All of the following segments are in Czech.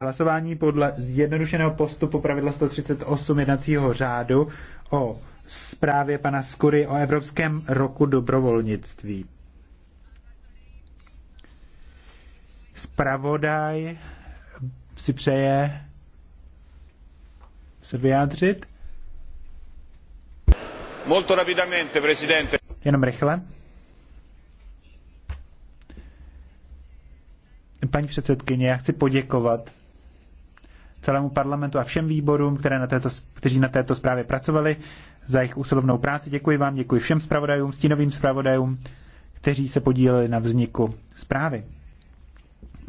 hlasování podle zjednodušeného postupu pravidla 138 jednacího řádu o zprávě pana Skury o Evropském roku dobrovolnictví. Spravodaj si přeje se vyjádřit. Molto rapidamente, presidente. Jenom rychle. Paní předsedkyně, já chci poděkovat celému parlamentu a všem výborům, které na této, kteří na této zprávě pracovali, za jejich usilovnou práci. Děkuji vám, děkuji všem zpravodajům, stínovým zpravodajům, kteří se podíleli na vzniku zprávy.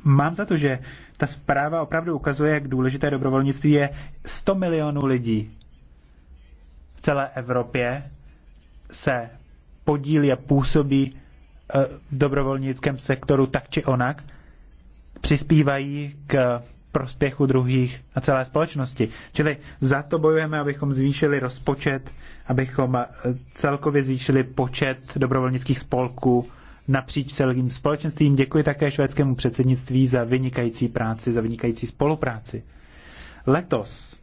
Mám za to, že ta zpráva opravdu ukazuje, jak důležité dobrovolnictví je 100 milionů lidí v celé Evropě se podílí a působí eh, v dobrovolnickém sektoru tak či onak, přispívají k prospěchu druhých a celé společnosti. Čili za to bojujeme, abychom zvýšili rozpočet, abychom eh, celkově zvýšili počet dobrovolnických spolků napříč celým společenstvím. Děkuji také švédskému předsednictví za vynikající práci, za vynikající spolupráci. Letos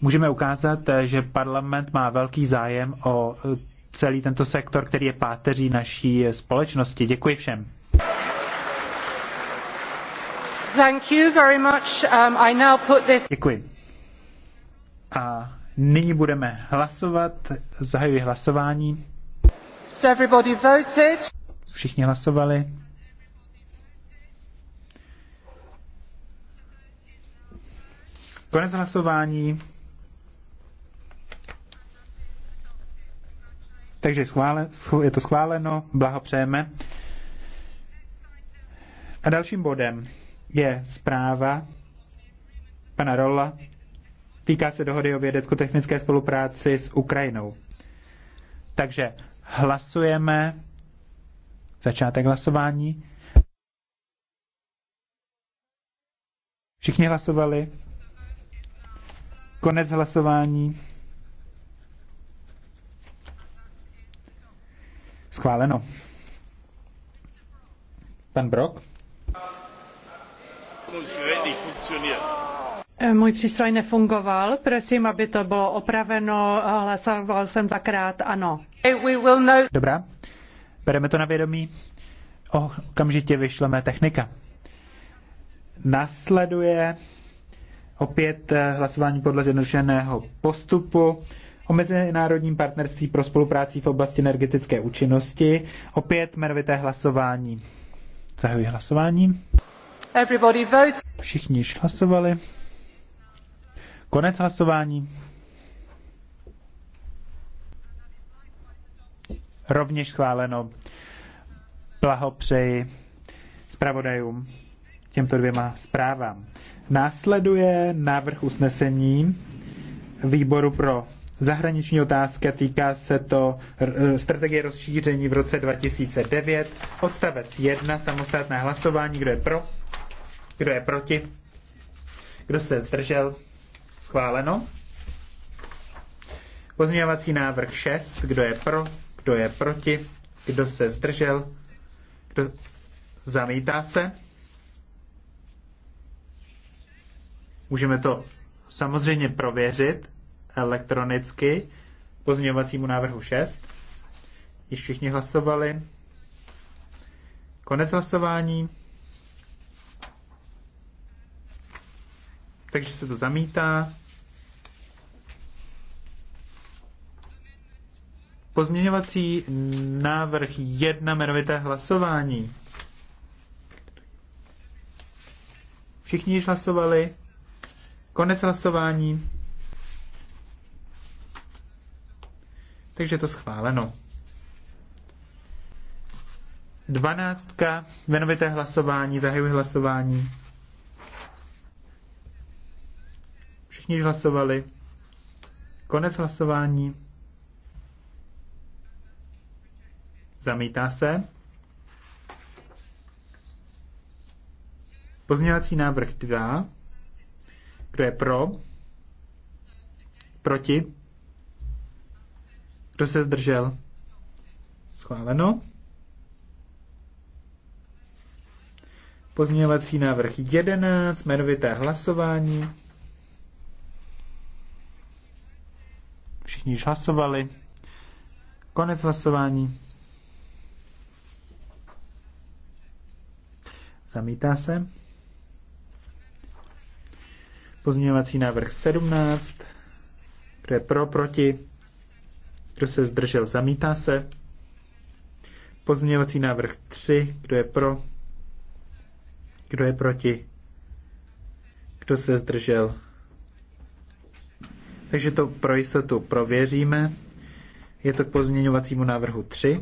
můžeme ukázat, eh, že parlament má velký zájem o eh, celý tento sektor, který je páteří naší společnosti. Děkuji všem. Um, Děkuji. A nyní budeme hlasovat. Zahajuji hlasování. everybody voted. Všichni hlasovali. Konec hlasování. Takže je to schváleno, blahopřejeme. A dalším bodem je zpráva pana Rolla. Týká se dohody o vědecko-technické spolupráci s Ukrajinou. Takže hlasujeme. Začátek hlasování. Všichni hlasovali. Konec hlasování. Schváleno. Pan Brok. Eh, můj přístroj nefungoval, prosím, aby to bylo opraveno, hlasoval jsem dvakrát ano. Dobrá, bereme to na vědomí. O, okamžitě vyšleme technika. Nasleduje opět eh, hlasování podle zjednodušeného postupu o mezinárodním partnerství pro spolupráci v oblasti energetické účinnosti. Opět jmenovité hlasování. Zahajuji hlasování. Všichni již hlasovali. Konec hlasování. Rovněž schváleno. Blahopřeji zpravodajům těmto dvěma zprávám. Následuje návrh usnesení výboru pro zahraniční otázka, týká se to e, strategie rozšíření v roce 2009, odstavec 1, samostatné hlasování, kdo je pro, kdo je proti? Kdo se zdržel? Schváleno. Pozměňovací návrh 6. Kdo je pro? Kdo je proti? Kdo se zdržel? Kdo zamítá se? Můžeme to samozřejmě prověřit elektronicky pozměňovacímu návrhu 6. Již všichni hlasovali. Konec hlasování. takže se to zamítá. Pozměňovací návrh jedna jmenovité hlasování. Všichni již hlasovali. Konec hlasování. Takže to schváleno. Dvanáctka, jmenovité hlasování, zahajuji hlasování. Všichni hlasovali. Konec hlasování. Zamítá se. Pozměňovací návrh 2. Kdo je pro? Proti? Kdo se zdržel? Schváleno. Pozměňovací návrh 11, jmenovité hlasování. Všichni již hlasovali. Konec hlasování. Zamítá se. Pozměňovací návrh 17. Kdo je pro, proti? Kdo se zdržel? Zamítá se. Pozměňovací návrh 3. Kdo je pro? Kdo je proti? Kdo se zdržel? Takže to pro jistotu prověříme. Je to k pozměňovacímu návrhu 3.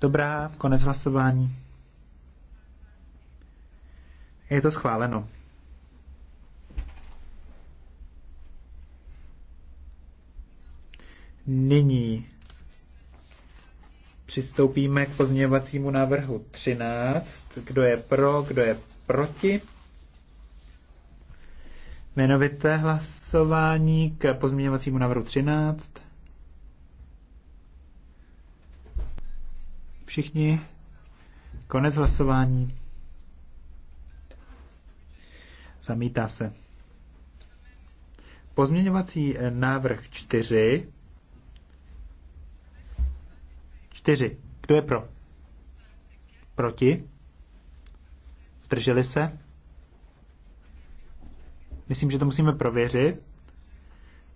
Dobrá, konec hlasování. Je to schváleno. Nyní přistoupíme k pozměňovacímu návrhu 13. Kdo je pro, kdo je proti? Jmenovité hlasování k pozměňovacímu návrhu 13. Všichni. Konec hlasování. Zamítá se. Pozměňovací eh, návrh 4. 4. Kdo je pro? Proti? Zdrželi se? Myslím, že to musíme prověřit.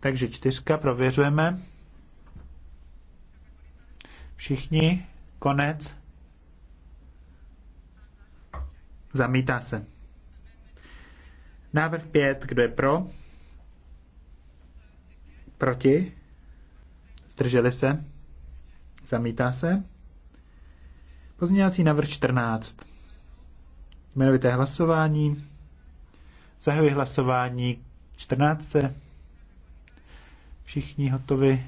Takže čtyřka prověřujeme. Všichni, konec. Zamítá se. Návrh pět, kdo je pro? Proti? Zdrželi se? Zamítá se? Pozměňovací návrh 14. Jmenovité hlasování. Zahajuji hlasování 14. Všichni hotovi.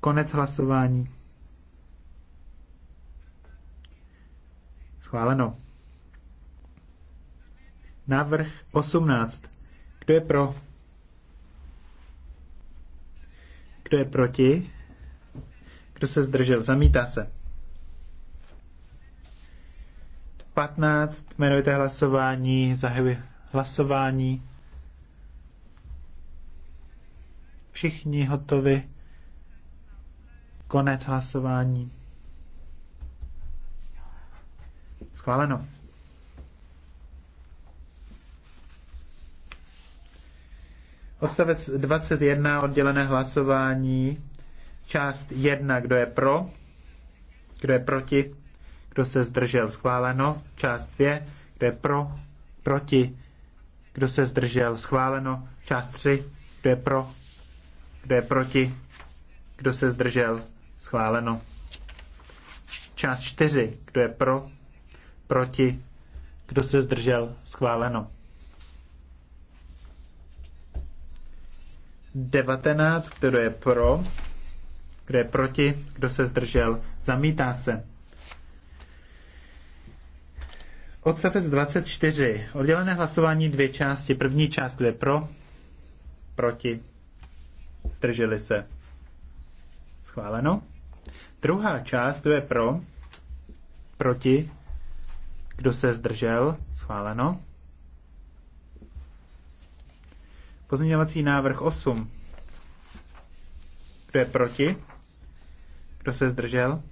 Konec hlasování. Schváleno. Návrh 18. Kdo je pro? Kdo je proti? Kdo se zdržel? Zamítá se. 15, jmenujte hlasování, zahajuji hlasování. Všichni hotovi. Konec hlasování. Schváleno. Odstavec 21, oddělené hlasování, část 1, kdo je pro, kdo je proti, kdo se zdržel, schváleno. Část 2, kdo je pro, proti, kdo se zdržel, schváleno. Část 3, kdo je pro, kdo je proti, kdo se zdržel, schváleno. Část 4, kdo je pro, proti, kdo se zdržel, schváleno. 19, kdo je pro, kdo je proti, kdo se zdržel, zamítá se. Odstavec 24. Oddělené hlasování dvě části. První část je pro, proti, zdrželi se. Schváleno. Druhá část je pro, proti, kdo se zdržel, schváleno. Pozměňovací návrh 8. Kdo je proti? Kdo se zdržel?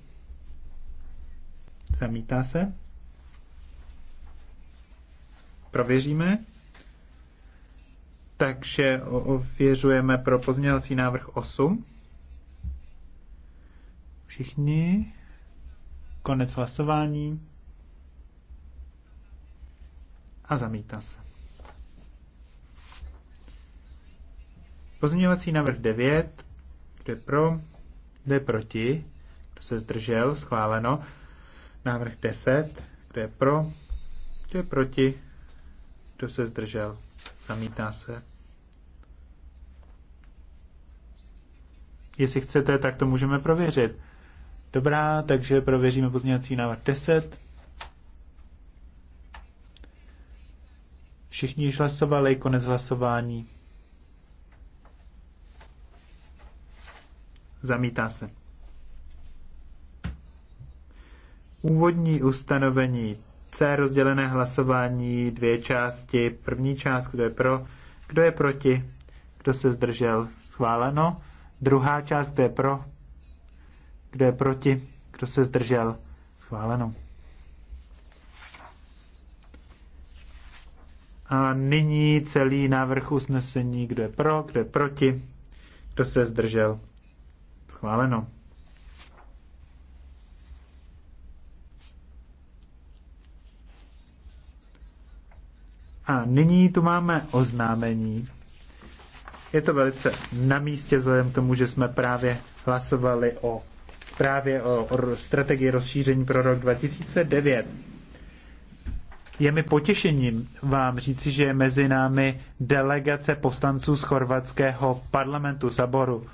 Zamítá se prověříme. Takže ověřujeme pro pozměňovací návrh 8. Všichni. Konec hlasování. A zamítá se. Pozměňovací návrh 9. Kdo je pro? Kdo je proti? Kdo se zdržel? Schváleno. Návrh 10. Kdo je pro? Kdo je proti? Kdo se zdržel? Zamítá se. Jestli chcete, tak to můžeme prověřit. Dobrá, takže prověříme pozměňovací návrh 10. Všichni již hlasovali, konec hlasování. Zamítá se. Úvodní ustanovení C rozdělené hlasování, dvě části. První část, kdo je pro, kdo je proti, kdo se zdržel, schváleno. Druhá část, kdo je pro, kdo je proti, kdo se zdržel, schváleno. A nyní celý návrh usnesení, kdo je pro, kdo je proti, kdo se zdržel, schváleno. A nyní tu máme oznámení. Je to velice na místě vzhledem tomu, že jsme právě hlasovali o zprávě o strategii rozšíření pro rok 2009. Je mi potěšením vám říci, že je mezi námi delegace poslanců z chorvatského parlamentu Saboru.